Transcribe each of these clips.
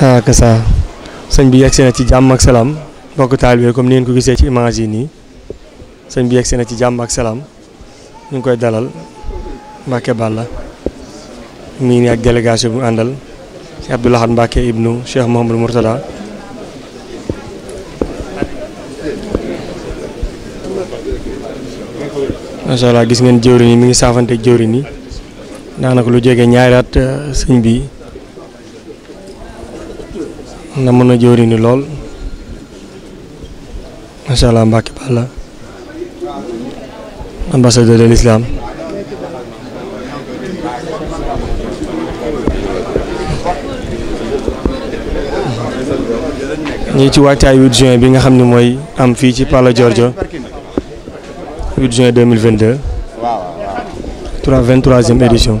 ah que sëñ bi yegsi na ci jàmm ak salaam mbokk taalibe comme ni ngeen ko gisee ci image yi nii sëñ bi yegsi na ci jàmm ak salaam mu ngi koy dalal Mbacke Balla mii nii ak délégation bu àndal ci Abdoul Ahad Mbacke ibnu Cheikh Mouhamadou Mourtada macha allah gis ngeen jëwriñ yi mi ngi saafante ak jëwriñ yi daanaka lu jege ñaari euh, sëñ bi na mën a jëwri ni lool macha allah Mbacke Balla ambassadeur de l'islam ñii ci waajtaay 8 juin bi nga xam ne mooy am fii ci Pala Giorgio 8 juin 2022 3 23e édition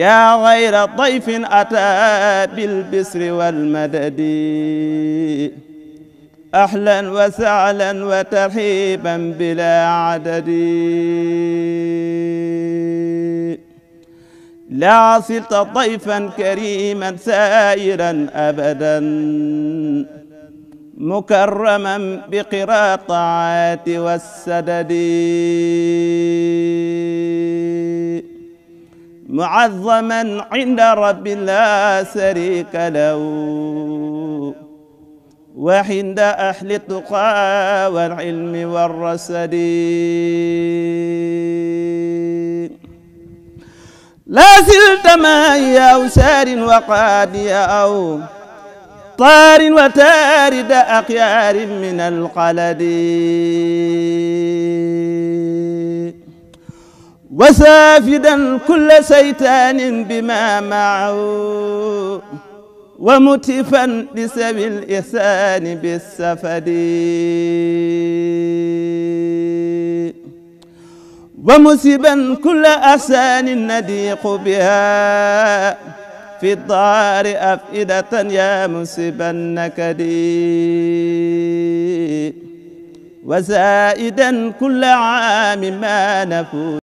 yaa xayra dayfin ataa bil bisri wal madadi ahlan wa sahlan wa tarxiiban bilaa adadi laa silta dayfan kariiman saayiran abadan mukarraman biqiraa taati wassadadi معظما عند رب لا شريك له وعند أهل التقى والعلم والرشد لا زلت معي أو سار وقادي أو طار وتارد أخيار من القلد وسافدا كل شيطان بما معه ومتفا لسبي الإحسان بالسفد ومسبا كل أحسان نديق بها في الدار أفئدة يا مسب النكد وزائدا كل عام ما نفوت